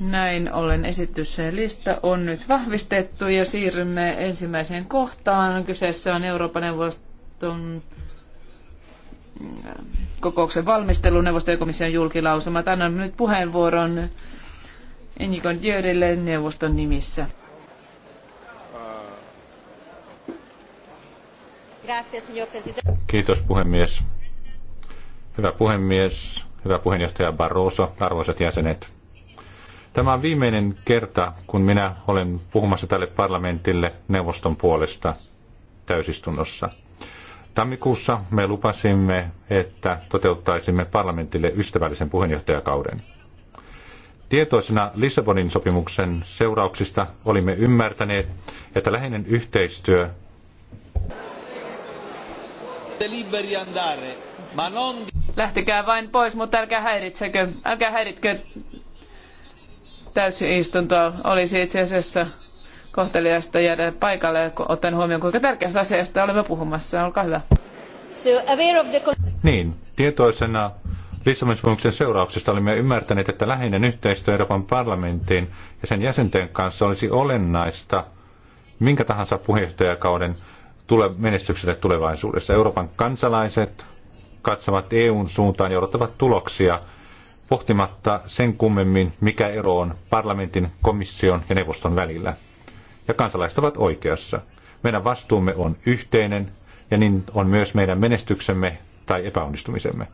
Näin ollen lista on nyt vahvistettu ja siirrymme ensimmäiseen kohtaan. Kyseessä on Euroopan neuvoston äh, kokouksen valmistelu, neuvoston ja komission julkilausumat. Annan nyt puheenvuoron Enikon Djörille neuvoston nimissä. Kiitos puhemies. Hyvä puhemies, hyvä puheenjohtaja Barroso, arvoisat jäsenet. Tämä on viimeinen kerta, kun minä olen puhumassa tälle parlamentille neuvoston puolesta täysistunnossa. Tammikuussa me lupasimme, että toteuttaisimme parlamentille ystävällisen puheenjohtajakauden. Tietoisena Lissabonin sopimuksen seurauksista olimme ymmärtäneet, että läheinen yhteistyö Lähtekää vain pois, mutta älkää häiritsekö, älkää häiritkö täysistuntoa olisi itse asiassa kohteliasta jäädä paikalle, ottaen huomioon, kuinka tärkeästä asiasta olemme puhumassa. Olkaa hyvä. Niin, tietoisena Lissabonin sopimuksen seurauksista olimme ymmärtäneet, että läheinen yhteistyö Euroopan parlamentin ja sen jäsenten kanssa olisi olennaista minkä tahansa puheenjohtajakauden tule menestykselle tulevaisuudessa. Euroopan kansalaiset katsovat EUn suuntaan ja odottavat tuloksia – pohtimatta sen kummemmin, mikä ero on parlamentin, komission ja neuvoston välillä. Ja kansalaiset ovat oikeassa. Meidän vastuumme on yhteinen ja niin on myös meidän menestyksemme tai epäonnistumisemme.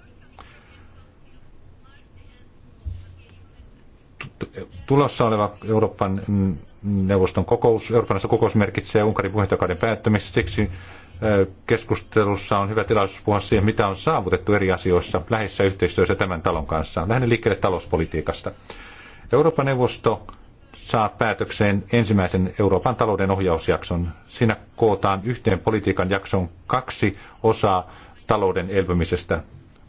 Tulossa oleva Euroopan neuvoston kokous, Euroopan kokous merkitsee Unkarin puheenjohtajakauden päättämistä, siksi keskustelussa on hyvä tilaisuus puhua siihen, mitä on saavutettu eri asioissa lähessä yhteistyössä tämän talon kanssa. Lähden liikkeelle talouspolitiikasta. Euroopan neuvosto saa päätökseen ensimmäisen Euroopan talouden ohjausjakson. Siinä kootaan yhteen politiikan jakson kaksi osaa talouden elpymisestä.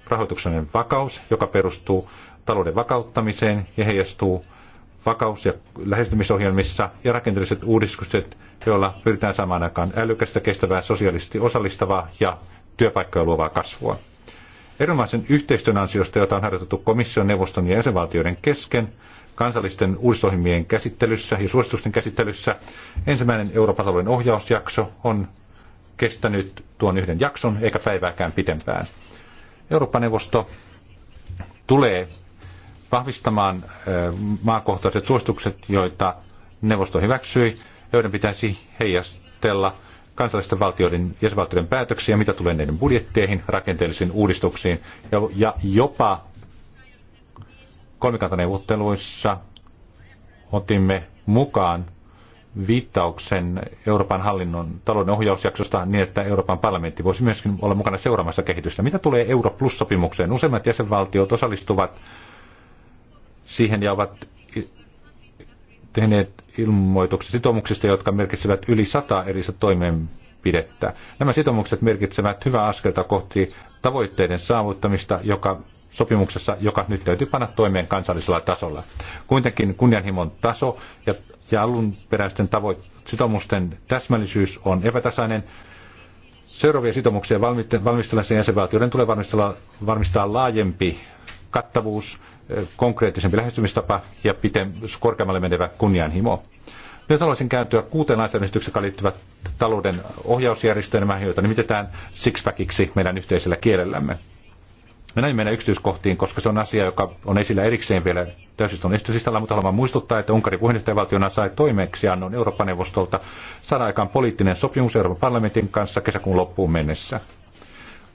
Rahoituksen vakaus, joka perustuu talouden vakauttamiseen ja heijastuu vakaus- ja lähestymisohjelmissa ja rakenteelliset uudistukset, joilla pyritään saamaan aikaan älykästä, kestävää, sosiaalisesti osallistavaa ja työpaikkoja luovaa kasvua. Erilaisen yhteistyön ansiosta, jota on harjoitettu komission, neuvoston ja jäsenvaltioiden kesken, kansallisten uudisohjelmien käsittelyssä ja suositusten käsittelyssä, ensimmäinen Euroopan talouden ohjausjakso on kestänyt tuon yhden jakson eikä päivääkään pitempään. Eurooppa-neuvosto tulee vahvistamaan maakohtaiset suositukset, joita neuvosto hyväksyi, joiden pitäisi heijastella kansallisten valtioiden jäsenvaltioiden päätöksiä, mitä tulee näiden budjetteihin, rakenteellisiin uudistuksiin ja, ja jopa kolmikantaneuvotteluissa otimme mukaan viittauksen Euroopan hallinnon talouden ohjausjaksosta niin, että Euroopan parlamentti voisi myöskin olla mukana seuraamassa kehitystä. Mitä tulee Euro Plus-sopimukseen? Useimmat jäsenvaltiot osallistuvat siihen ja ovat tehneet ilmoituksia sitoumuksista, jotka merkitsevät yli sata eri toimenpidettä. Nämä sitoumukset merkitsevät hyvää askelta kohti tavoitteiden saavuttamista, joka sopimuksessa, joka nyt täytyy panna toimeen kansallisella tasolla. Kuitenkin kunnianhimon taso ja, ja alunperäisten tavoit, sitoumusten täsmällisyys on epätasainen. Seuraavia sitoumuksia valmistellaan jäsenvaltioiden tulee varmistaa laajempi kattavuus, konkreettisempi lähestymistapa ja piten korkeammalle menevä kunnianhimo. Nyt haluaisin kääntyä kuuteen lainsäädännöstykseen, joka liittyvät talouden ohjausjärjestelmään, joita nimitetään sixpackiksi meidän yhteisellä kielellämme. Me näin mennä yksityiskohtiin, koska se on asia, joka on esillä erikseen vielä täysistun esityslistalla, mutta haluan muistuttaa, että Unkarin puheenjohtajavaltiona sai annon Eurooppa-neuvostolta saada aikaan poliittinen sopimus Euroopan parlamentin kanssa kesäkuun loppuun mennessä.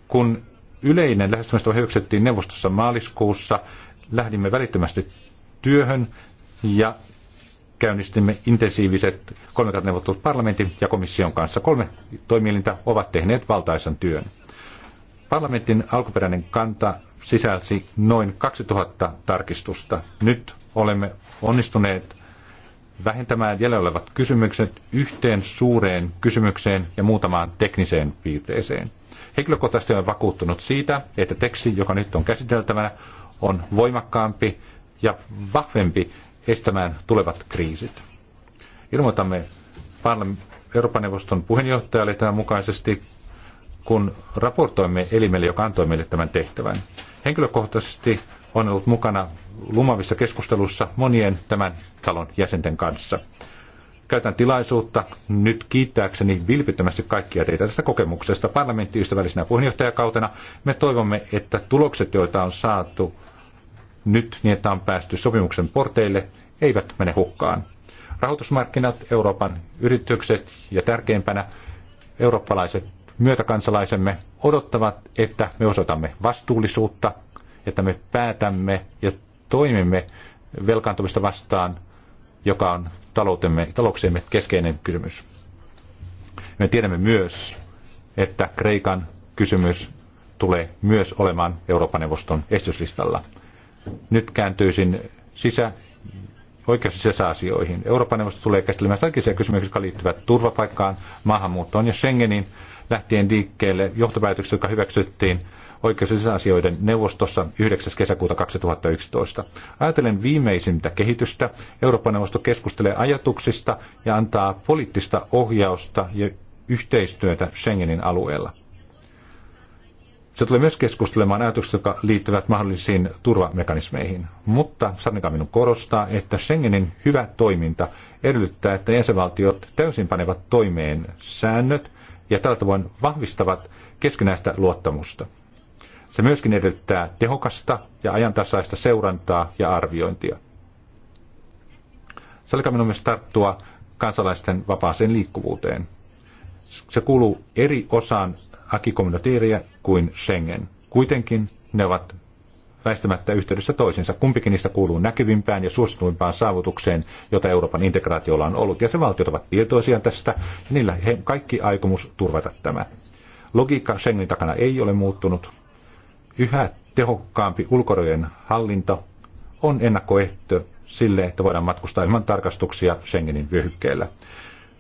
Kun yleinen lähestymistapa hyväksyttiin neuvostossa maaliskuussa. Lähdimme välittömästi työhön ja käynnistimme intensiiviset kolmikantaneuvottelut parlamentin ja komission kanssa. Kolme toimielintä ovat tehneet valtaisen työn. Parlamentin alkuperäinen kanta sisälsi noin 2000 tarkistusta. Nyt olemme onnistuneet vähentämään jäljellä olevat kysymykset yhteen suureen kysymykseen ja muutamaan tekniseen piirteeseen. Henkilökohtaisesti olen vakuuttunut siitä, että teksti, joka nyt on käsiteltävänä, on voimakkaampi ja vahvempi estämään tulevat kriisit. Ilmoitamme Euroopan neuvoston puheenjohtajalle tämän mukaisesti, kun raportoimme elimelle, joka antoi meille tämän tehtävän. Henkilökohtaisesti on ollut mukana lumavissa keskustelussa monien tämän talon jäsenten kanssa. Käytän tilaisuutta nyt kiittääkseni vilpittömästi kaikkia teitä tästä kokemuksesta parlamenttiystävällisenä puheenjohtajakautena. Me toivomme, että tulokset, joita on saatu nyt niin, että on päästy sopimuksen porteille, eivät mene hukkaan. Rahoitusmarkkinat, Euroopan yritykset ja tärkeimpänä eurooppalaiset myötäkansalaisemme odottavat, että me osoitamme vastuullisuutta, että me päätämme ja toimimme velkaantumista vastaan – joka on taloutemme, talouksiemme keskeinen kysymys. Me tiedämme myös, että Kreikan kysymys tulee myös olemaan Euroopan neuvoston esityslistalla. Nyt kääntyisin sisä, oikeus- ja sisäasioihin. Euroopan neuvosto tulee käsittelemään strategisia kysymyksiä, jotka liittyvät turvapaikkaan, maahanmuuttoon ja Schengenin lähtien liikkeelle johtopäätökset, jotka hyväksyttiin oikeus- ja sisäasioiden neuvostossa 9. kesäkuuta 2011. Ajatellen viimeisintä kehitystä, Euroopan neuvosto keskustelee ajatuksista ja antaa poliittista ohjausta ja yhteistyötä Schengenin alueella. Se tulee myös keskustelemaan ajatuksista, jotka liittyvät mahdollisiin turvamekanismeihin. Mutta Sarnika minun korostaa, että Schengenin hyvä toiminta edellyttää, että jäsenvaltiot täysin panevat toimeen säännöt ja tällä tavoin vahvistavat keskinäistä luottamusta. Se myöskin edellyttää tehokasta ja ajantasaista seurantaa ja arviointia. alkaa minun mielestä tarttua kansalaisten vapaaseen liikkuvuuteen. Se kuuluu eri osaan akikommunatiiria kuin Schengen. Kuitenkin ne ovat väistämättä yhteydessä toisiinsa. Kumpikin niistä kuuluu näkyvimpään ja suosituimpaan saavutukseen, jota Euroopan integraatiolla on ollut. Ja se valtiot ovat tietoisia tästä, ja niillä he kaikki aikomus turvata tämä. Logiikka Schengenin takana ei ole muuttunut. Yhä tehokkaampi ulkorajojen hallinta on ennakkoehto sille, että voidaan matkustaa ilman tarkastuksia Schengenin vyöhykkeellä.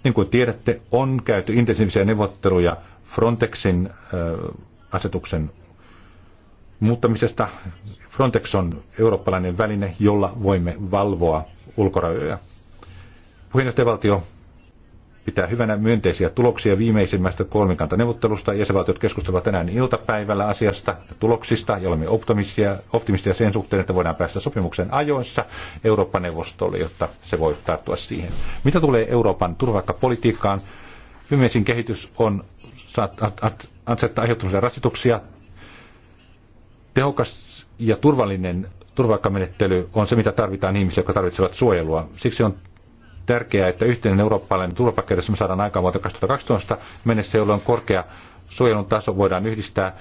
Niin kuin tiedätte, on käyty intensiivisiä neuvotteluja Frontexin äh, asetuksen muuttamisesta. Frontex on eurooppalainen väline, jolla voimme valvoa ulkorajoja. Puheenjohtajavaltio pitää hyvänä myönteisiä tuloksia viimeisimmästä kolmikantaneuvottelusta. Jäsenvaltiot keskustelevat tänään iltapäivällä asiasta ja tuloksista, ja olemme optimistia, optimistia sen suhteen, että voidaan päästä sopimuksen ajoissa Eurooppa-neuvostolle, jotta se voi tarttua siihen. Mitä tulee Euroopan turvapaikkapolitiikkaan? Viimeisin kehitys on asettaa aiheuttamisia rasituksia. Tehokas ja turvallinen turvapaikkamenettely on se, mitä tarvitaan ihmisiä, jotka tarvitsevat suojelua. Siksi on tärkeää, että yhteinen eurooppalainen turvapaikkajärjestelmä saadaan aikaan vuoteen 2012 mennessä, jolloin korkea suojelun taso voidaan yhdistää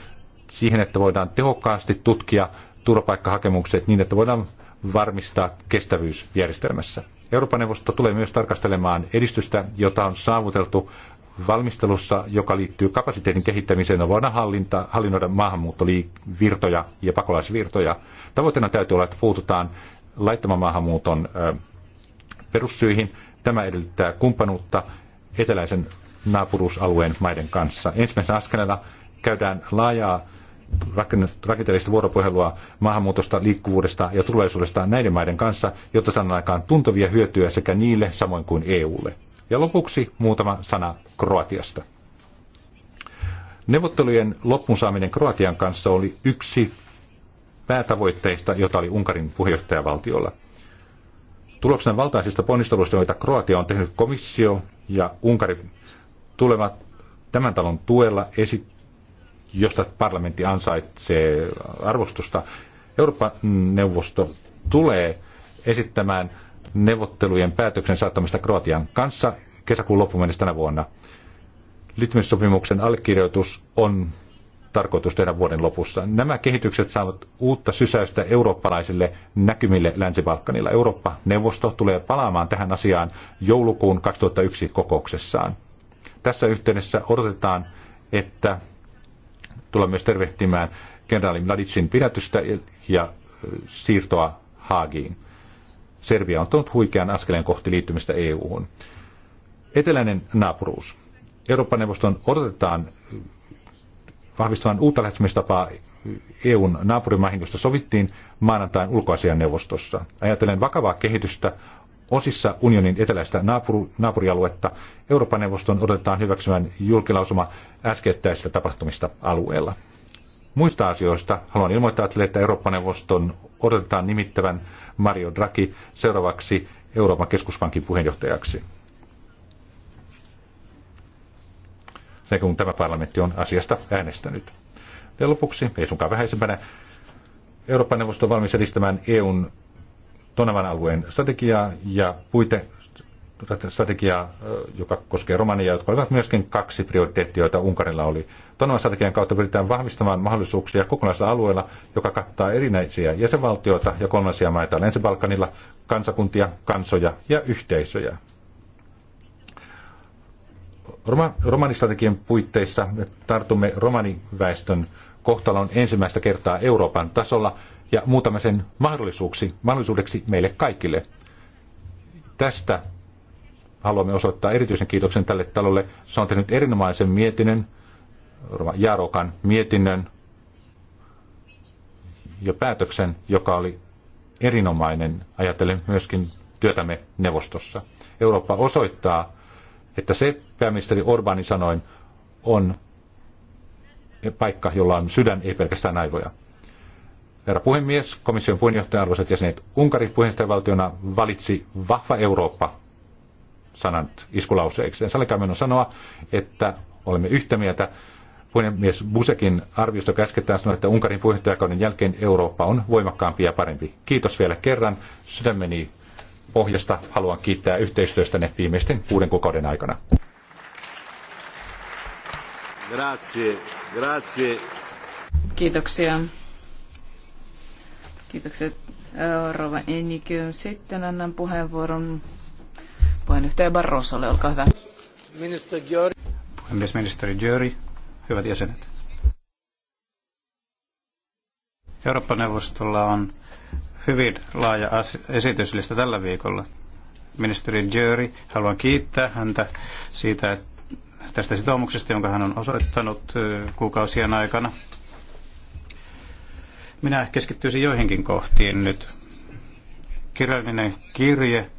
siihen, että voidaan tehokkaasti tutkia turvapaikkahakemukset niin, että voidaan varmistaa kestävyys järjestelmässä. Euroopan neuvosto tulee myös tarkastelemaan edistystä, jota on saavuteltu valmistelussa, joka liittyy kapasiteetin kehittämiseen, no, voidaan hallinta, hallinnoida maahanmuuttovirtoja ja pakolaisvirtoja. Tavoitteena täytyy olla, että puututaan laittoman maahanmuuton perussyihin. Tämä edellyttää kumppanuutta eteläisen naapuruusalueen maiden kanssa. Ensimmäisenä askeleena käydään laajaa rakenteellista vuoropuhelua maahanmuutosta, liikkuvuudesta ja turvallisuudesta näiden maiden kanssa, jotta saadaan aikaan tuntuvia hyötyjä sekä niille samoin kuin EUlle. Ja lopuksi muutama sana Kroatiasta. Neuvottelujen loppuun saaminen Kroatian kanssa oli yksi päätavoitteista, jota oli Unkarin puheenjohtajavaltiolla. Tuloksena valtaisista ponnisteluista, joita Kroatia on tehnyt komissio ja Unkari tulevat tämän talon tuella, esi- josta parlamentti ansaitsee arvostusta. Euroopan neuvosto tulee esittämään neuvottelujen päätöksen saattamista Kroatian kanssa kesäkuun loppuun mennessä tänä vuonna. Liittymissopimuksen allekirjoitus on tarkoitus tehdä vuoden lopussa. Nämä kehitykset saavat uutta sysäystä eurooppalaisille näkymille Länsi-Balkanilla. Eurooppa-neuvosto tulee palaamaan tähän asiaan joulukuun 2001 kokouksessaan. Tässä yhteydessä odotetaan, että tulee myös tervehtimään kenraali Mladicin pidätystä ja siirtoa Haagiin. Serbia on tullut huikean askeleen kohti liittymistä EU-hun. Eteläinen naapuruus. Euroopan neuvoston odotetaan vahvistavan uutta lähestymistapaa EUn naapurimaihin, josta sovittiin maanantain ulkoasianneuvostossa. Ajatellen vakavaa kehitystä osissa unionin eteläistä naapuru- naapurialuetta Euroopan neuvoston odotetaan hyväksymään julkilausuma äskettäisistä tapahtumista alueella. Muista asioista haluan ilmoittaa että Euroopan neuvoston odotetaan nimittävän Mario Draghi seuraavaksi Euroopan keskuspankin puheenjohtajaksi. sen kun tämä parlamentti on asiasta äänestänyt. Ja lopuksi, ei sunkaan vähäisempänä, Euroopan neuvosto on valmis edistämään EUn Tonavan alueen strategiaa ja puite strategiaa, joka koskee Romaniaa, jotka olivat myöskin kaksi prioriteettia, joita Unkarilla oli. Tonavan strategian kautta pyritään vahvistamaan mahdollisuuksia kokonaisella alueella, joka kattaa erinäisiä jäsenvaltioita ja kolmansia maita Länsi-Balkanilla, kansakuntia, kansoja ja yhteisöjä. Roma, romanistrategian puitteissa tartumme romaniväestön kohtalon ensimmäistä kertaa Euroopan tasolla ja muutamme sen mahdollisuuksi, mahdollisuudeksi meille kaikille. Tästä haluamme osoittaa erityisen kiitoksen tälle talolle. Se on tehnyt erinomaisen mietinnön, Jarokan mietinnön ja päätöksen, joka oli erinomainen, ajatellen myöskin työtämme neuvostossa. Eurooppa osoittaa että se, pääministeri Orbani sanoin, on paikka, jolla on sydän, ei pelkästään aivoja. Herra puhemies, komission puheenjohtaja, arvoisat jäsenet, Unkari puheenjohtajavaltiona valitsi vahva Eurooppa sanan iskulauseeksi. Ja sallikaa minun sanoa, että olemme yhtä mieltä. Puhemies Busekin arviosta käskettään sanoa, että Unkarin puheenjohtajakauden jälkeen Eurooppa on voimakkaampi ja parempi. Kiitos vielä kerran. Sydämeni pohjasta haluan kiittää yhteistyöstänne viimeisten kuuden kuukauden aikana. Grazie, grazie. Kiitoksia. Kiitokset äh, Rova Enikö. Sitten annan puheenvuoron puheenjohtaja Barrosolle. Olkaa hyvä. Puhemies ministeri Giori, hyvät jäsenet. Eurooppa-neuvostolla on hyvin laaja esityslista tällä viikolla. Ministeri Jöri, haluan kiittää häntä siitä, että tästä sitoumuksesta, jonka hän on osoittanut kuukausien aikana. Minä keskittyisin joihinkin kohtiin nyt. Kirjallinen kirje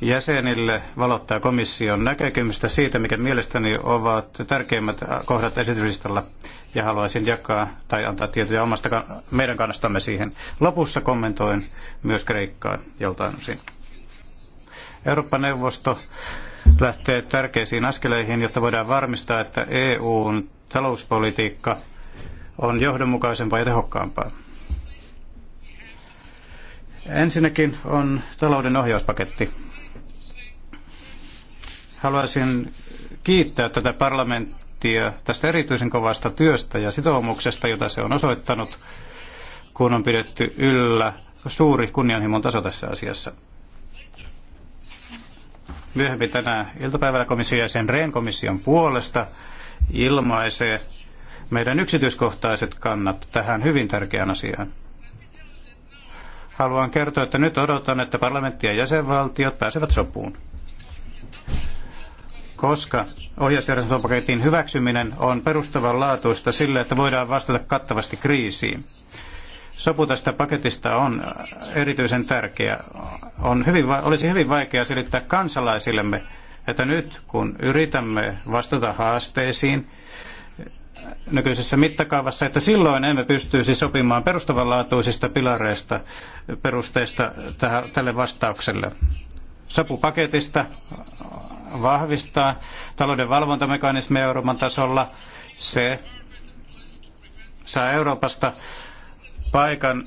jäsenille valottaa komission näkökymistä siitä, mikä mielestäni ovat tärkeimmät kohdat esityslistalla ja haluaisin jakaa tai antaa tietoja omasta meidän kannastamme siihen. Lopussa kommentoin myös Kreikkaa joltain osin. Eurooppa-neuvosto lähtee tärkeisiin askeleihin, jotta voidaan varmistaa, että EUn talouspolitiikka on johdonmukaisempaa ja tehokkaampaa. Ensinnäkin on talouden ohjauspaketti. Haluaisin kiittää tätä parlamenttia yhtiö tästä erityisen kovasta työstä ja sitoumuksesta, jota se on osoittanut, kun on pidetty yllä suuri kunnianhimon taso tässä asiassa. Myöhemmin tänä iltapäivällä ja sen Rehn komission puolesta ilmaisee meidän yksityiskohtaiset kannat tähän hyvin tärkeään asiaan. Haluan kertoa, että nyt odotan, että parlamentti ja jäsenvaltiot pääsevät sopuun koska ohjausjärjestelmäpaketin hyväksyminen on perustavanlaatuista sille, että voidaan vastata kattavasti kriisiin. Sopu tästä paketista on erityisen tärkeä. On hyvin, olisi hyvin vaikea selittää kansalaisillemme, että nyt kun yritämme vastata haasteisiin nykyisessä mittakaavassa, että silloin emme pystyisi sopimaan perustavanlaatuisista pilareista perusteista tälle vastaukselle sopupaketista vahvistaa talouden valvontamekanismia Euroopan tasolla. Se saa Euroopasta paikan,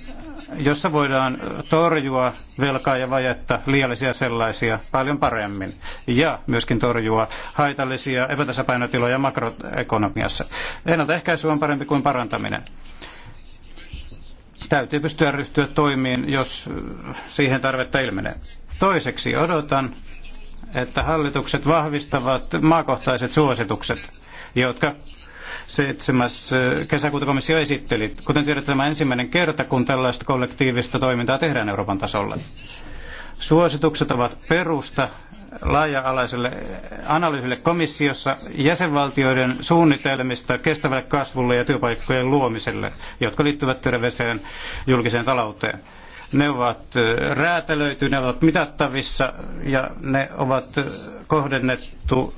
jossa voidaan torjua velkaa ja vajetta, liiallisia sellaisia, paljon paremmin. Ja myöskin torjua haitallisia epätasapainotiloja makroekonomiassa. Ennaltaehkäisy on parempi kuin parantaminen täytyy pystyä ryhtyä toimiin, jos siihen tarvetta ilmenee. Toiseksi odotan, että hallitukset vahvistavat maakohtaiset suositukset, jotka 7. kesäkuuta komissio esitteli. Kuten tiedätte, tämä ensimmäinen kerta, kun tällaista kollektiivista toimintaa tehdään Euroopan tasolla. Suositukset ovat perusta laaja-alaiselle analyysille komissiossa jäsenvaltioiden suunnitelmista kestävälle kasvulle ja työpaikkojen luomiselle, jotka liittyvät terveeseen julkiseen talouteen. Ne ovat räätälöity, ne ovat mitattavissa ja ne ovat kohdennettu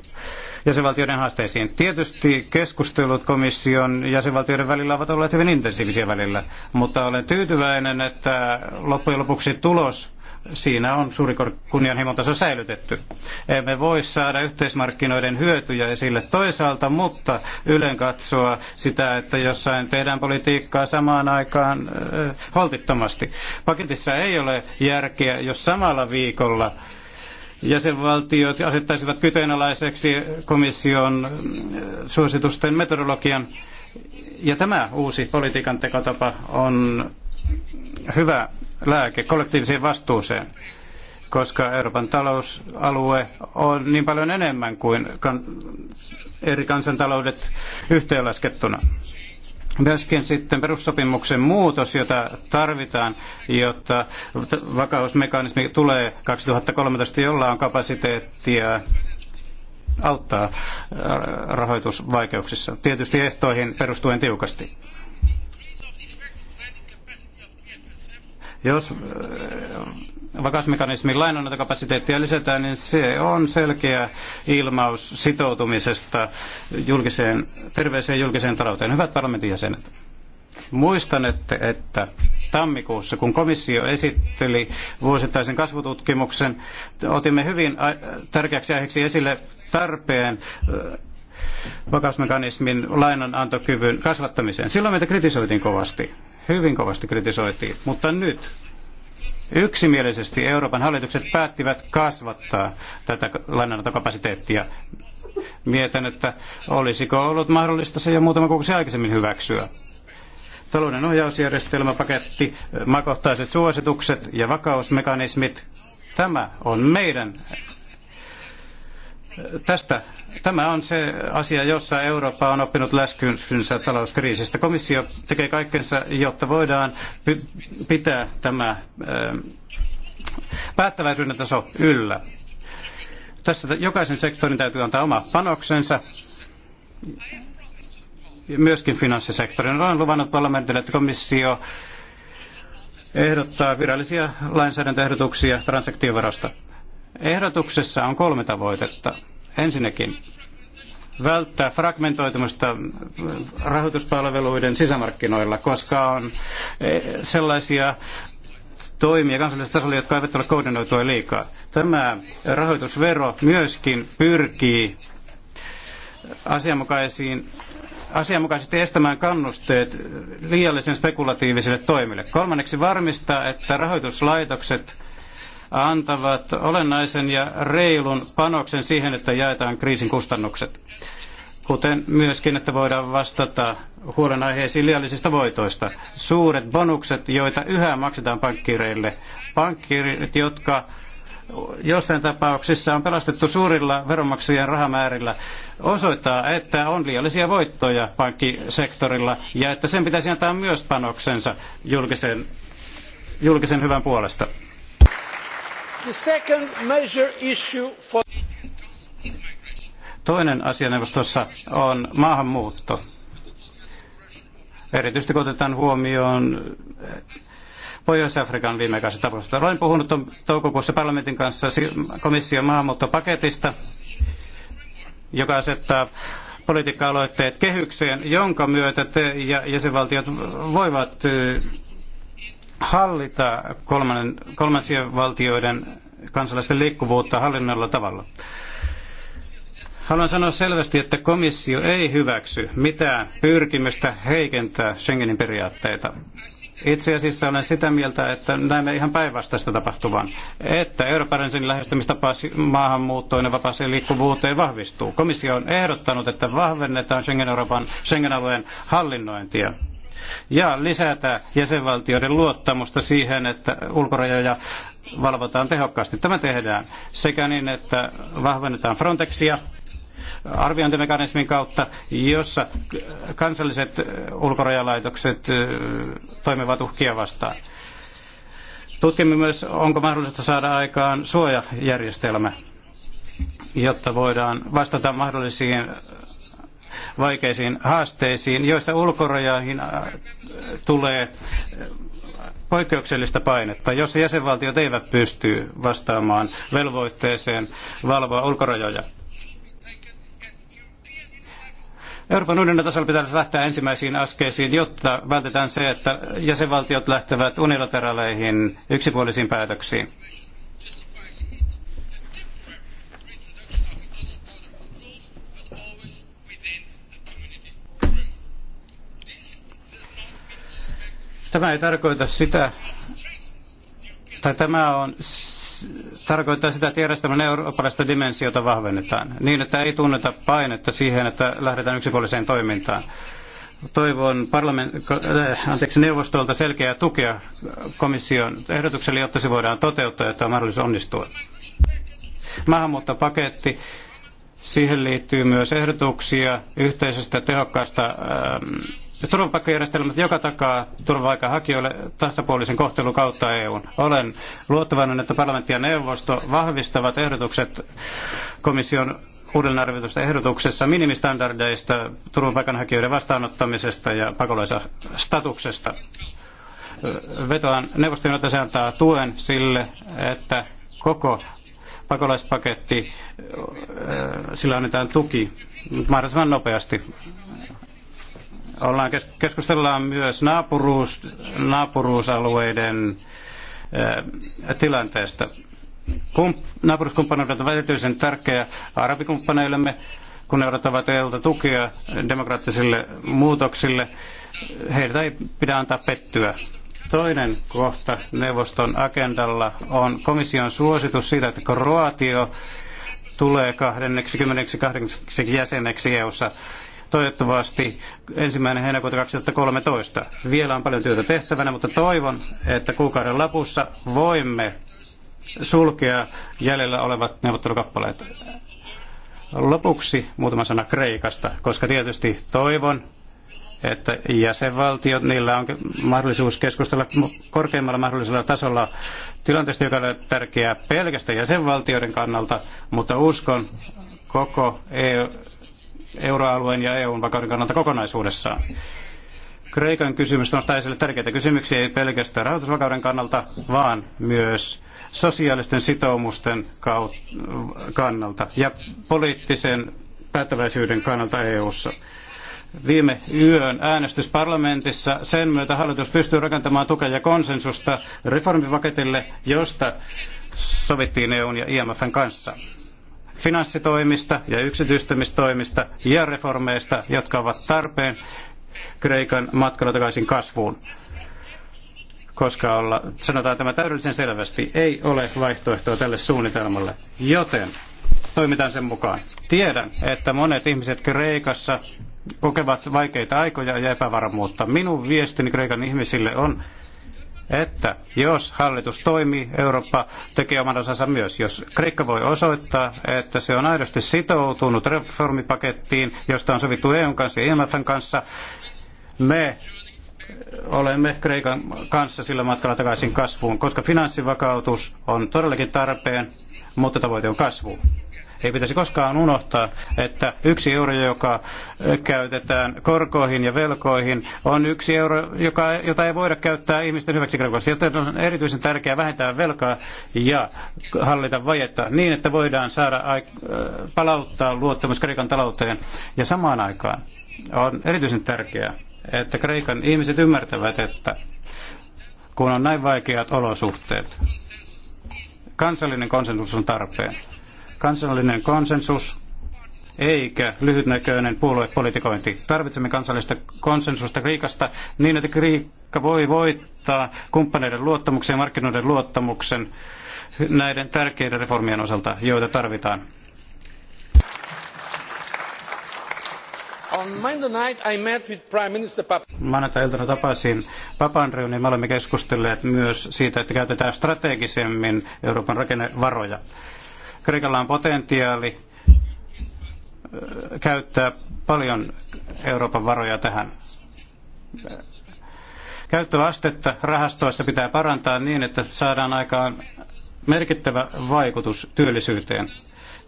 jäsenvaltioiden haasteisiin. Tietysti keskustelut komission jäsenvaltioiden välillä ovat olleet hyvin intensiivisiä välillä, mutta olen tyytyväinen, että loppujen lopuksi tulos siinä on suuri kunnianhimon taso säilytetty. Emme voi saada yhteismarkkinoiden hyötyjä esille toisaalta, mutta ylen katsoa sitä, että jossain tehdään politiikkaa samaan aikaan äh, holtittomasti. Paketissa ei ole järkeä, jos samalla viikolla jäsenvaltiot asettaisivat kyteenalaiseksi komission äh, suositusten metodologian. Ja tämä uusi politiikan tekotapa on hyvä lääke kollektiiviseen vastuuseen, koska Euroopan talousalue on niin paljon enemmän kuin eri kansantaloudet yhteenlaskettuna. Myöskin sitten perussopimuksen muutos, jota tarvitaan, jotta vakausmekanismi tulee 2013, jolla on kapasiteettia auttaa rahoitusvaikeuksissa, tietysti ehtoihin perustuen tiukasti. Jos äh, vakausmekanismin lainanantokapasiteettia lisätään, niin se on selkeä ilmaus sitoutumisesta julkiseen, terveeseen julkiseen talouteen. Hyvät parlamentin jäsenet. Muistan, että, että tammikuussa, kun komissio esitteli vuosittaisen kasvututkimuksen, otimme hyvin tärkeäksi aiheeksi esille tarpeen äh, vakausmekanismin lainanantokyvyn kasvattamiseen. Silloin meitä kritisoitiin kovasti, hyvin kovasti kritisoitiin, mutta nyt yksimielisesti Euroopan hallitukset päättivät kasvattaa tätä lainanantokapasiteettia. Mietin, että olisiko ollut mahdollista se jo muutama kuukausi aikaisemmin hyväksyä. Talouden ohjausjärjestelmäpaketti, maakohtaiset suositukset ja vakausmekanismit, tämä on meidän Tästä, tämä on se asia, jossa Eurooppa on oppinut läskynsä talouskriisistä. Komissio tekee kaikkensa, jotta voidaan pitää tämä äh, päättäväisyyden taso yllä. Tässä jokaisen sektorin täytyy antaa oma panoksensa myöskin finanssisektorin. Olen luvannut parlamentille, että komissio ehdottaa virallisia lainsäädäntöehdotuksia transaktioverosta. Ehdotuksessa on kolme tavoitetta. Ensinnäkin välttää fragmentoitumista rahoituspalveluiden sisämarkkinoilla, koska on eh, sellaisia toimia kansallisella tasolla, jotka eivät ole koordinoitua liikaa. Tämä rahoitusvero myöskin pyrkii asianmukaisiin asianmukaisesti estämään kannusteet liiallisen spekulatiivisille toimille. Kolmanneksi varmistaa, että rahoituslaitokset antavat olennaisen ja reilun panoksen siihen, että jaetaan kriisin kustannukset. Kuten myöskin, että voidaan vastata huolenaiheisiin liiallisista voitoista. Suuret bonukset, joita yhä maksetaan pankkireille. Pankkirit, jotka jossain tapauksissa on pelastettu suurilla veronmaksajien rahamäärillä, osoittaa, että on liiallisia voittoja pankkisektorilla ja että sen pitäisi antaa myös panoksensa julkisen, julkisen hyvän puolesta. Toinen asia neuvostossa on maahanmuutto. Erityisesti kun otetaan huomioon eh, Pohjois-Afrikan viimeaikaiset tapaukset. Olen puhunut toukokuussa parlamentin kanssa komission maahanmuuttopaketista, joka asettaa politiikka-aloitteet kehykseen, jonka myötä te ja jäsenvaltiot voivat eh, hallita kolmannen, kolmansien valtioiden kansalaisten liikkuvuutta hallinnolla tavalla. Haluan sanoa selvästi, että komissio ei hyväksy mitään pyrkimystä heikentää Schengenin periaatteita. Itse asiassa olen sitä mieltä, että näemme ihan päinvastaista tapahtuvan, että europarlamentin lähestymistapa maahanmuuttoon ja vapaaseen liikkuvuuteen vahvistuu. Komissio on ehdottanut, että vahvennetaan Schengen-Euroopan Schengen-alueen hallinnointia ja lisätä jäsenvaltioiden luottamusta siihen, että ulkorajoja valvotaan tehokkaasti. Tämä tehdään sekä niin, että vahvennetaan Frontexia, arviointimekanismin kautta, jossa kansalliset ulkorajalaitokset toimivat uhkia vastaan. Tutkimme myös, onko mahdollista saada aikaan suojajärjestelmä, jotta voidaan vastata mahdollisiin vaikeisiin haasteisiin, joissa ulkorajoihin äh, tulee äh, poikkeuksellista painetta, jossa jäsenvaltiot eivät pysty vastaamaan velvoitteeseen valvoa ulkorajoja. Euroopan unionin tasolla pitäisi lähteä ensimmäisiin askeisiin, jotta vältetään se, että jäsenvaltiot lähtevät unilateraaleihin yksipuolisiin päätöksiin. Tämä ei tarkoita sitä, tai tämä on, tarkoittaa sitä, että järjestelmän eurooppalaista dimensiota vahvennetaan niin, että ei tunneta painetta siihen, että lähdetään yksipuoliseen toimintaan toivon parlament, äh, anteeksi, neuvostolta selkeää tukea komission ehdotukselle, jotta se voidaan toteuttaa, että on mahdollisuus onnistua. Maahanmuuttopaketti Siihen liittyy myös ehdotuksia yhteisestä tehokkaasta ähm, turvapaikkajärjestelmästä, joka takaa turvapaikanhakijoille tasapuolisen kohtelun kautta EUn. Olen luottavainen, että parlamentti ja neuvosto vahvistavat ehdotukset komission uudelleenarvioitusta ehdotuksessa minimistandardeista turvapaikanhakijoiden vastaanottamisesta ja pakolaisstatuksesta. Vetoan neuvostoon, että se antaa tuen sille, että koko pakolaispaketti, äh, sillä annetaan tuki mahdollisimman nopeasti. Ollaan, keskustellaan myös naapuruus, naapuruusalueiden äh, tilanteesta. Kump, naapuruuskumppanuudet ovat erityisen tärkeä arabikumppaneillemme, kun ne odottavat EUlta tukea demokraattisille muutoksille. heidän ei pidä antaa pettyä. Toinen kohta neuvoston agendalla on komission suositus siitä, että Kroatio tulee 28 jäseneksi EUssa toivottavasti ensimmäinen heinäkuuta 2013. Vielä on paljon työtä tehtävänä, mutta toivon, että kuukauden lopussa voimme sulkea jäljellä olevat neuvottelukappaleet. Lopuksi muutama sana Kreikasta, koska tietysti toivon, että jäsenvaltiot, niillä on mahdollisuus keskustella korkeimmalla mahdollisella tasolla tilanteesta, joka on tärkeää pelkästään jäsenvaltioiden kannalta, mutta uskon koko EU, euroalueen ja EUn vakauden kannalta kokonaisuudessaan. Kreikan kysymys nostaa esille tärkeitä kysymyksiä ei pelkästään rahoitusvakauden kannalta, vaan myös sosiaalisten sitoumusten kannalta ja poliittisen päättäväisyyden kannalta EUssa. ssa viime yön äänestys parlamentissa. Sen myötä hallitus pystyy rakentamaan tukea ja konsensusta reformipaketille, josta sovittiin EUn ja IMFn kanssa finanssitoimista ja yksityistämistoimista ja reformeista, jotka ovat tarpeen Kreikan matkalla takaisin kasvuun. Koska olla, sanotaan tämä täydellisen selvästi, ei ole vaihtoehtoa tälle suunnitelmalle. Joten toimitaan sen mukaan. Tiedän, että monet ihmiset Kreikassa kokevat vaikeita aikoja ja epävarmuutta. Minun viestini Kreikan ihmisille on, että jos hallitus toimii, Eurooppa tekee oman osansa myös. Jos Kreikka voi osoittaa, että se on aidosti sitoutunut reformipakettiin, josta on sovittu EUn kanssa ja IMFn kanssa, me olemme Kreikan kanssa sillä matkalla takaisin kasvuun, koska finanssivakautus on todellakin tarpeen, mutta tavoite on kasvu. Ei pitäisi koskaan unohtaa, että yksi euro, joka käytetään korkoihin ja velkoihin, on yksi euro, joka, jota ei voida käyttää ihmisten hyväksi. Joten on erityisen tärkeää vähentää velkaa ja hallita vajetta niin, että voidaan saada palauttaa luottamus Kreikan talouteen. Ja samaan aikaan on erityisen tärkeää, että Kreikan ihmiset ymmärtävät, että kun on näin vaikeat olosuhteet, kansallinen konsensus on tarpeen kansallinen konsensus eikä lyhytnäköinen puoluepolitikointi. Tarvitsemme kansallista konsensusta Kriikasta niin, että Kriikka voi voittaa kumppaneiden luottamuksen ja markkinoiden luottamuksen näiden tärkeiden reformien osalta, joita tarvitaan. On Monday night I met with Prime Minister Pap- Maanantai-iltana tapasin Papandreun ja me olemme keskustelleet myös siitä, että käytetään strategisemmin Euroopan rakennevaroja. Kreikalla on potentiaali äh, käyttää paljon Euroopan varoja tähän. Käyttöastetta rahastoissa pitää parantaa niin, että saadaan aikaan merkittävä vaikutus työllisyyteen.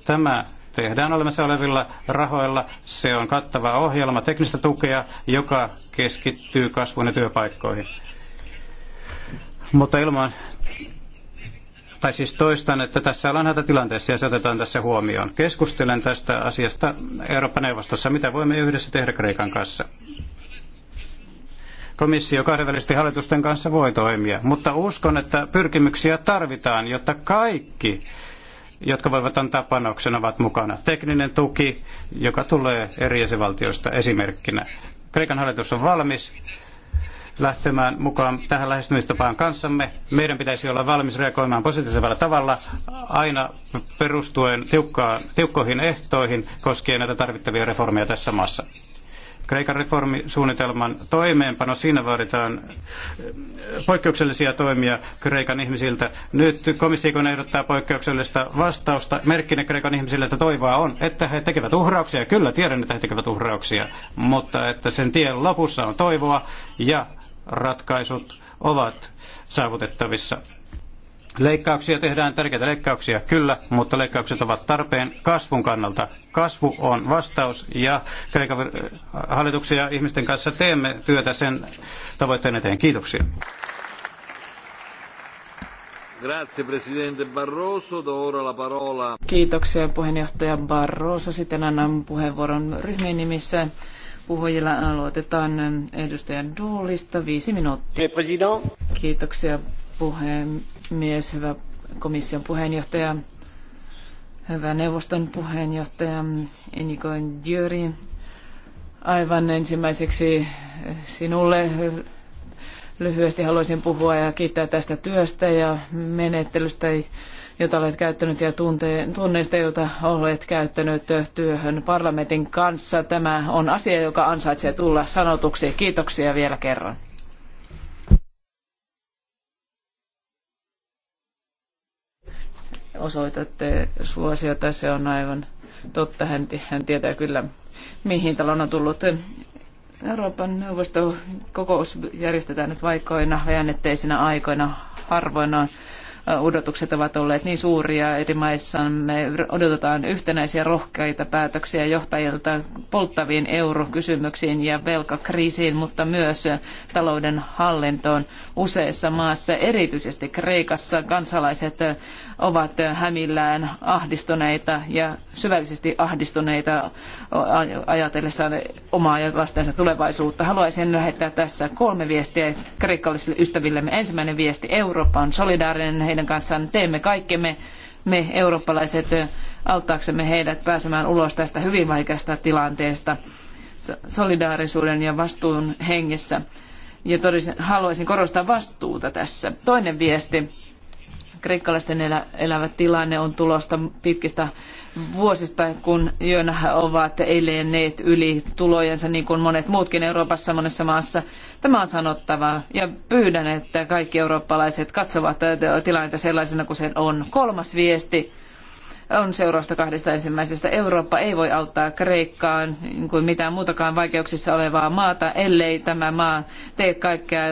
Tämä tehdään olemassa olevilla rahoilla. Se on kattava ohjelma teknistä tukea, joka keskittyy kasvuun ja työpaikkoihin. Mutta ilman tai siis toistan, että tässä ollaan hätätilanteessa ja se otetaan tässä huomioon. Keskustelen tästä asiasta Eurooppa-neuvostossa, mitä voimme yhdessä tehdä Kreikan kanssa. Komissio kahdenvälisesti hallitusten kanssa voi toimia, mutta uskon, että pyrkimyksiä tarvitaan, jotta kaikki jotka voivat antaa panoksen, ovat mukana. Tekninen tuki, joka tulee eri jäsenvaltioista esimerkkinä. Kreikan hallitus on valmis lähtemään mukaan tähän lähestymistapaan kanssamme. Meidän pitäisi olla valmis reagoimaan positiivisella tavalla aina perustuen tiukkaan, tiukkoihin ehtoihin koskien näitä tarvittavia reformeja tässä maassa. Kreikan reformisuunnitelman toimeenpano, siinä vaaditaan eh, poikkeuksellisia toimia Kreikan ihmisiltä. Nyt komissio ehdottaa poikkeuksellista vastausta. Merkkinä Kreikan ihmisille, että toivoa on, että he tekevät uhrauksia. Kyllä tiedän, että he tekevät uhrauksia, mutta että sen tien lopussa on toivoa ja ratkaisut ovat saavutettavissa. Leikkauksia tehdään, tärkeitä leikkauksia kyllä, mutta leikkaukset ovat tarpeen kasvun kannalta. Kasvu on vastaus ja Kreikan hallituksia ihmisten kanssa teemme työtä sen tavoitteen eteen. Kiitoksia. Kiitoksia puheenjohtaja Barroso. Sitten annan puheenvuoron ryhmien nimissä puhujilla aloitetaan edustaja Duulista viisi minuuttia. Kiitoksia puhemies, hyvä komission puheenjohtaja, hyvä neuvoston puheenjohtaja Enikoin Djöri. Aivan ensimmäiseksi sinulle Lyhyesti haluaisin puhua ja kiittää tästä työstä ja menettelystä, jota olet käyttänyt ja tunneista, joita olet käyttänyt työhön parlamentin kanssa. Tämä on asia, joka ansaitsee tulla sanotuksi. Kiitoksia vielä kerran. osoitatte suosiota, se on aivan totta. Hän, hän tietää kyllä, mihin talon on tullut. Euroopan neuvoston kokous järjestetään nyt vaikoina, jännitteisinä aikoina. Harvoina odotukset ovat olleet niin suuria eri maissa me Odotetaan yhtenäisiä rohkeita päätöksiä johtajilta polttaviin eurokysymyksiin ja velkakriisiin, mutta myös talouden hallintoon useissa maassa, erityisesti Kreikassa. Kansalaiset ovat hämillään ahdistuneita ja syvällisesti ahdistuneita ajatellessaan omaa ja lastensa tulevaisuutta. Haluaisin lähettää tässä kolme viestiä kreikkalaisille ystävillemme. Ensimmäinen viesti, Eurooppa on solidaarinen heidän kanssaan. Teemme kaikkemme me eurooppalaiset auttaaksemme heidät pääsemään ulos tästä hyvin vaikeasta tilanteesta solidaarisuuden ja vastuun hengessä. Ja todellisen, haluaisin korostaa vastuuta tässä. Toinen viesti kreikkalaisten elä, elävä tilanne on tulosta pitkistä vuosista, kun jönä ovat elenneet yli tulojensa, niin kuin monet muutkin Euroopassa monessa maassa. Tämä on sanottava ja pyydän, että kaikki eurooppalaiset katsovat tilannetta sellaisena kuin se on. Kolmas viesti on seurausta kahdesta ensimmäisestä. Eurooppa ei voi auttaa Kreikkaa niin kuin mitään muutakaan vaikeuksissa olevaa maata, ellei tämä maa tee kaikkea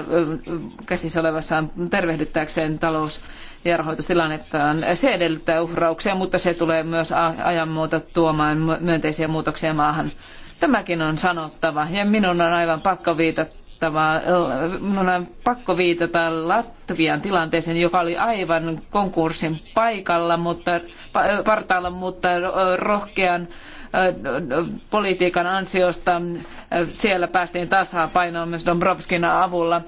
käsissä olevassaan tervehdyttääkseen talous ja rahoitustilannettaan. Se edellyttää uhrauksia, mutta se tulee myös ajan muuta tuomaan myönteisiä muutoksia maahan. Tämäkin on sanottava ja minun on aivan pakko viitattava, minun on pakko viitata Latvian tilanteeseen, joka oli aivan konkurssin paikalla, mutta, partaalla, mutta rohkean politiikan ansiosta. Siellä päästiin tasapainoon myös Dombrovskin avulla.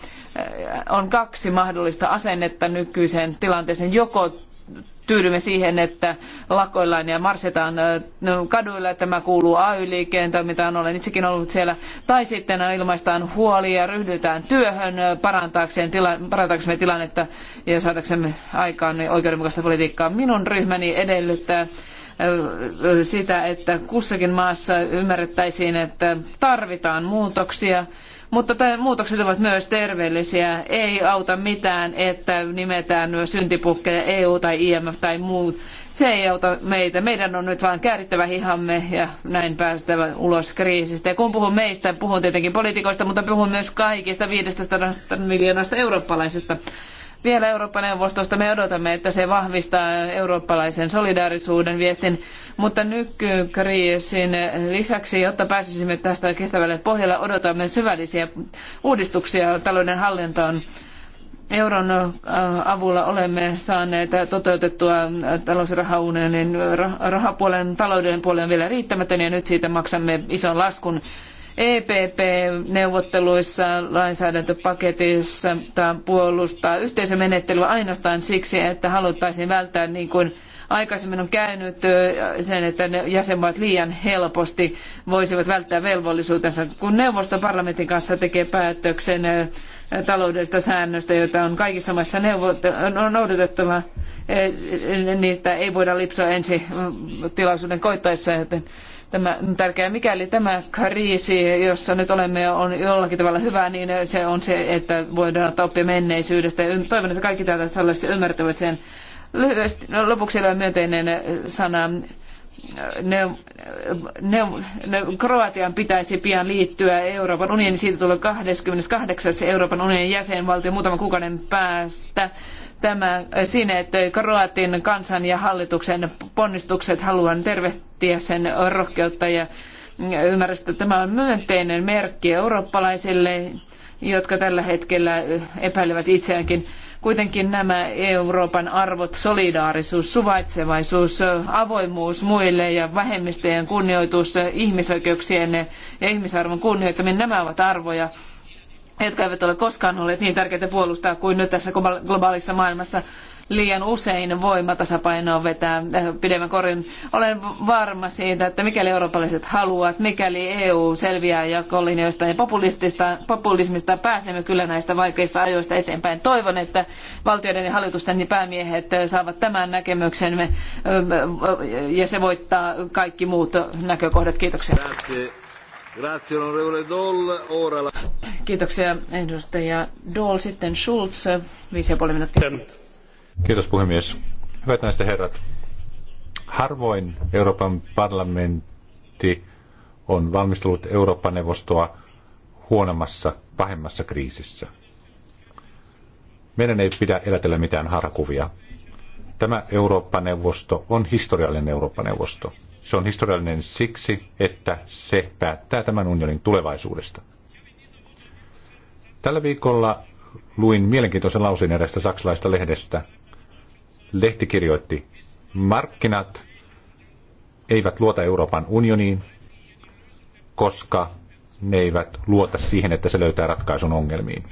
On kaksi mahdollista asennetta nykyiseen tilanteeseen. Joko tyydymme siihen, että lakoillaan ja marssitaan kaduilla, tämä kuuluu AY-liikkeen toimintaan, olen itsekin ollut siellä, tai sitten ilmaistaan huoli ja ryhdytään työhön parantaakseen tila, parantaaksemme tilannetta ja saadaksemme aikaan oikeudenmukaista politiikkaa. Minun ryhmäni edellyttää sitä, että kussakin maassa ymmärrettäisiin, että tarvitaan muutoksia, mutta muutokset ovat myös terveellisiä. Ei auta mitään, että nimetään syntipukkeja EU tai IMF tai muut. Se ei auta meitä. Meidän on nyt vain käärittävä hihamme ja näin päästävä ulos kriisistä. Ja kun puhun meistä, puhun tietenkin poliitikoista, mutta puhun myös kaikista 500 miljoonasta eurooppalaisesta vielä Eurooppa-neuvostosta. Me odotamme, että se vahvistaa eurooppalaisen solidaarisuuden viestin, mutta nykykriisin lisäksi, jotta pääsisimme tästä kestävälle pohjalle, odotamme syvällisiä uudistuksia talouden hallintoon. Euron äh, avulla olemme saaneet toteutettua talousrahaunionin rahapuolen, talouden puolen vielä riittämätön ja nyt siitä maksamme ison laskun EPP-neuvotteluissa lainsäädäntöpaketissa puolustaa yhteisömenettelyä ainoastaan siksi, että haluttaisiin välttää niin kuin aikaisemmin on käynyt sen, että ne jäsenmaat liian helposti voisivat välttää velvollisuutensa, kun neuvosto parlamentin kanssa tekee päätöksen taloudellisista säännöistä, joita on kaikissa maissa on noudatettava, niistä ei voida lipsoa ensi tilaisuuden koittaessa, joten tämä on tärkeää. Mikäli tämä kriisi, jossa nyt olemme, on jollakin tavalla hyvä, niin se on se, että voidaan ottaa oppia menneisyydestä. Toivon, että kaikki täältä salissa ymmärtävät sen. Lyhyesti, no, lopuksi vielä myönteinen sana. Ne, ne, ne, Kroatian pitäisi pian liittyä Euroopan unioniin. Siitä tulee 28. Euroopan unionin jäsenvaltio muutaman kuukauden päästä tämä, äh, siinä, että Kroatin kansan ja hallituksen ponnistukset haluan tervehtiä sen rohkeutta ja mm, ymmärrystä. Tämä on myönteinen merkki eurooppalaisille, jotka tällä hetkellä äh, epäilevät itseäänkin. Kuitenkin nämä Euroopan arvot, solidaarisuus, suvaitsevaisuus, äh, avoimuus muille ja vähemmistöjen kunnioitus, ihmisoikeuksien ja ihmisarvon kunnioittaminen, nämä ovat arvoja, jotka eivät ole koskaan olleet niin tärkeitä puolustaa kuin nyt tässä globaalissa maailmassa. Liian usein voimatasapainoa vetää äh, pidemmän korin. Olen varma siitä, että mikäli eurooppalaiset haluavat, mikäli EU selviää jakolinjoista ja populistista, populismista, pääsemme kyllä näistä vaikeista ajoista eteenpäin. Toivon, että valtioiden ja hallitusten päämiehet saavat tämän näkemyksemme ja se voittaa kaikki muut näkökohdat. Kiitoksia. Grazie, Kiitoksia edustaja Sitten Schulz, viisi ja puoli minuuttia. Kiitos puhemies. Hyvät naiset ja herrat. Harvoin Euroopan parlamentti on valmistellut Eurooppa-neuvostoa huonommassa, pahemmassa kriisissä. Meidän ei pidä elätellä mitään harkuvia. Tämä Eurooppa-neuvosto on historiallinen Eurooppa-neuvosto. Se on historiallinen siksi, että se päättää tämän unionin tulevaisuudesta. Tällä viikolla luin mielenkiintoisen lauseen edestä saksalaista lehdestä. Lehti kirjoitti, markkinat eivät luota Euroopan unioniin, koska ne eivät luota siihen, että se löytää ratkaisun ongelmiin.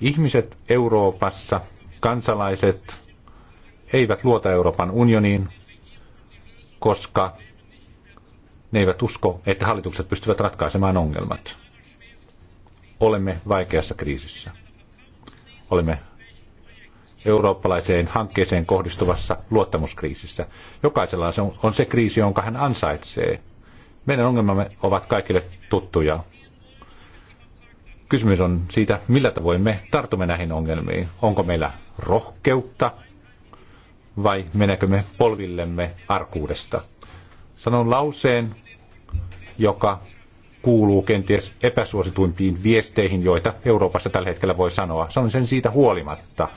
Ihmiset Euroopassa, kansalaiset, eivät luota Euroopan unioniin, koska ne eivät usko, että hallitukset pystyvät ratkaisemaan ongelmat. Olemme vaikeassa kriisissä. Olemme eurooppalaiseen hankkeeseen kohdistuvassa luottamuskriisissä. Jokaisella on se kriisi, jonka hän ansaitsee. Meidän ongelmamme ovat kaikille tuttuja. Kysymys on siitä, millä tavoin me tartumme näihin ongelmiin. Onko meillä rohkeutta vai menekö me polvillemme arkuudesta. Sanon lauseen, joka kuuluu kenties epäsuosituimpiin viesteihin, joita Euroopassa tällä hetkellä voi sanoa. Sanon sen siitä huolimatta,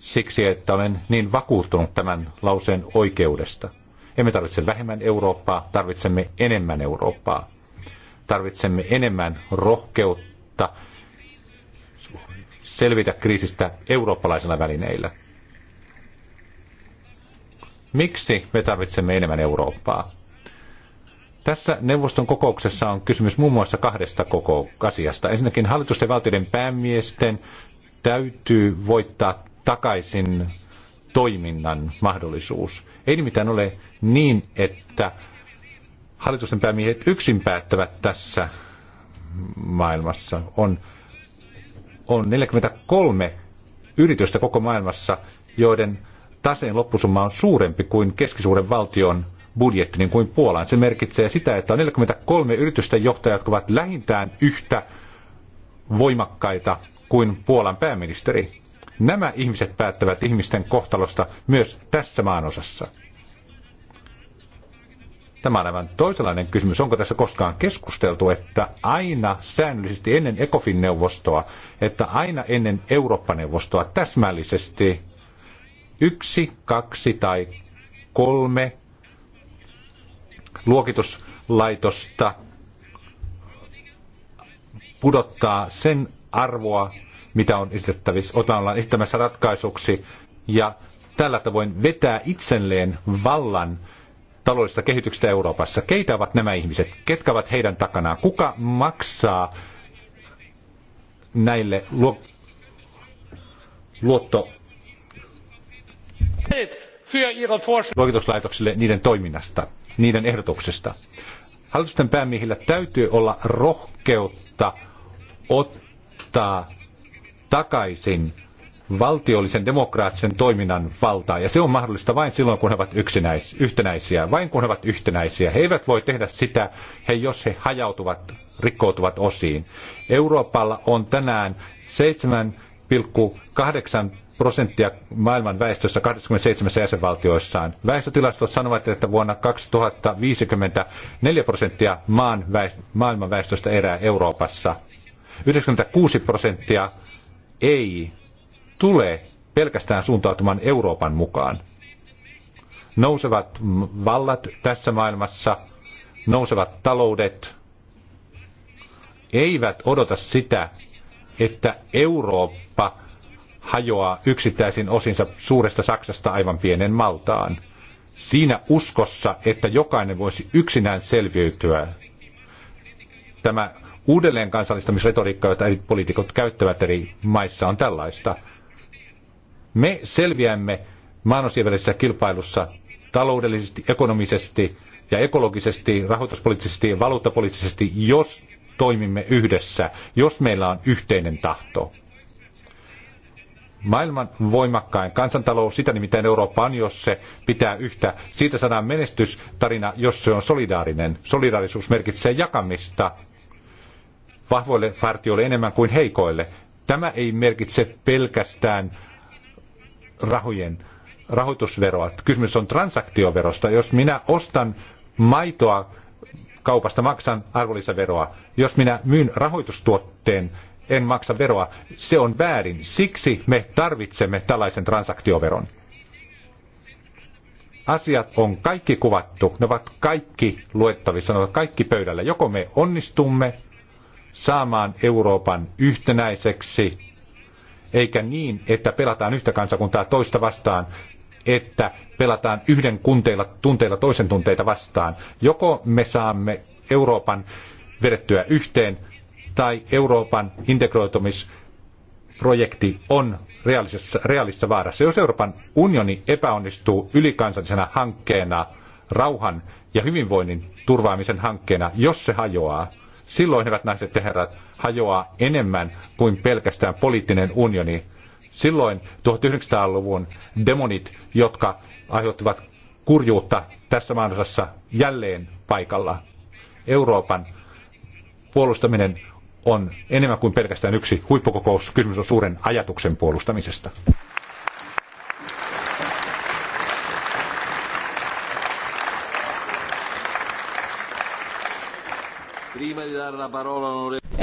siksi että olen niin vakuuttunut tämän lauseen oikeudesta. Emme tarvitse vähemmän Eurooppaa, tarvitsemme enemmän Eurooppaa. Tarvitsemme enemmän rohkeutta selvitä kriisistä eurooppalaisilla välineillä. Miksi me tarvitsemme enemmän Eurooppaa? Tässä neuvoston kokouksessa on kysymys muun muassa kahdesta koko asiasta. Ensinnäkin hallitusten valtioiden päämiesten täytyy voittaa takaisin toiminnan mahdollisuus. Ei nimittäin ole niin, että hallitusten päämiehet yksin päättävät tässä maailmassa. On, on 43 yritystä koko maailmassa, joiden taseen loppusumma on suurempi kuin keskisuuren valtion budjetti, niin kuin Puolan. Se merkitsee sitä, että on 43 yritysten johtajat jotka ovat lähintään yhtä voimakkaita kuin Puolan pääministeri. Nämä ihmiset päättävät ihmisten kohtalosta myös tässä maanosassa. Tämä on aivan toisenlainen kysymys. Onko tässä koskaan keskusteltu, että aina säännöllisesti ennen ECOFIN-neuvostoa, että aina ennen Eurooppa-neuvostoa täsmällisesti yksi, kaksi tai kolme luokituslaitosta pudottaa sen arvoa, mitä on esitettävissä, ollaan esittämässä ratkaisuksi, ja tällä tavoin vetää itselleen vallan taloudellisesta kehityksestä Euroopassa. Keitä ovat nämä ihmiset? Ketkä ovat heidän takanaan? Kuka maksaa näille luo, luotto luokituslaitoksille niiden toiminnasta, niiden ehdotuksesta. Hallitusten päämiehillä täytyy olla rohkeutta ottaa takaisin valtiollisen demokraattisen toiminnan valtaa. Ja se on mahdollista vain silloin, kun he ovat yksinäis, yhtenäisiä. Vain kun he ovat yhtenäisiä. He eivät voi tehdä sitä, he, jos he hajautuvat, rikkoutuvat osiin. Euroopalla on tänään 7,8 prosenttia maailman väestössä 27 jäsenvaltioissaan. Väestötilastot sanovat, että vuonna 2050 4 prosenttia maan väest- maailman väestöstä erää Euroopassa. 96 prosenttia ei tule pelkästään suuntautumaan Euroopan mukaan. Nousevat vallat tässä maailmassa, nousevat taloudet eivät odota sitä, että Eurooppa – hajoaa yksittäisin osinsa suuresta Saksasta aivan pienen Maltaan. Siinä uskossa, että jokainen voisi yksinään selviytyä. Tämä uudelleen kansallistamisretoriikka, jota eri poliitikot käyttävät eri maissa, on tällaista. Me selviämme maanosien kilpailussa taloudellisesti, ekonomisesti ja ekologisesti, rahoituspoliittisesti ja valuuttapoliittisesti, jos toimimme yhdessä, jos meillä on yhteinen tahto maailman voimakkain kansantalous, sitä nimittäin Eurooppa on, jos se pitää yhtä. Siitä saadaan menestystarina, jos se on solidaarinen. Solidaarisuus merkitsee jakamista vahvoille partioille enemmän kuin heikoille. Tämä ei merkitse pelkästään rahojen rahoitusveroa. Kysymys on transaktioverosta. Jos minä ostan maitoa kaupasta, maksan arvonlisäveroa. Jos minä myyn rahoitustuotteen en maksa veroa. Se on väärin. Siksi me tarvitsemme tällaisen transaktioveron. Asiat on kaikki kuvattu, ne ovat kaikki luettavissa, ne ovat kaikki pöydällä. Joko me onnistumme saamaan Euroopan yhtenäiseksi, eikä niin, että pelataan yhtä kansakuntaa toista vastaan, että pelataan yhden kunteilla, tunteilla toisen tunteita vastaan. Joko me saamme Euroopan vedettyä yhteen tai Euroopan integroitumisprojekti on reaalisessa, reaalisessa vaarassa. Jos Euroopan unioni epäonnistuu ylikansallisena hankkeena, rauhan ja hyvinvoinnin turvaamisen hankkeena, jos se hajoaa, silloin, hyvät naiset ja herrat, hajoaa enemmän kuin pelkästään poliittinen unioni. Silloin 1900-luvun demonit, jotka aiheuttivat kurjuutta tässä maanosassa jälleen paikalla. Euroopan puolustaminen on enemmän kuin pelkästään yksi huippukokous. Kysymys on suuren ajatuksen puolustamisesta.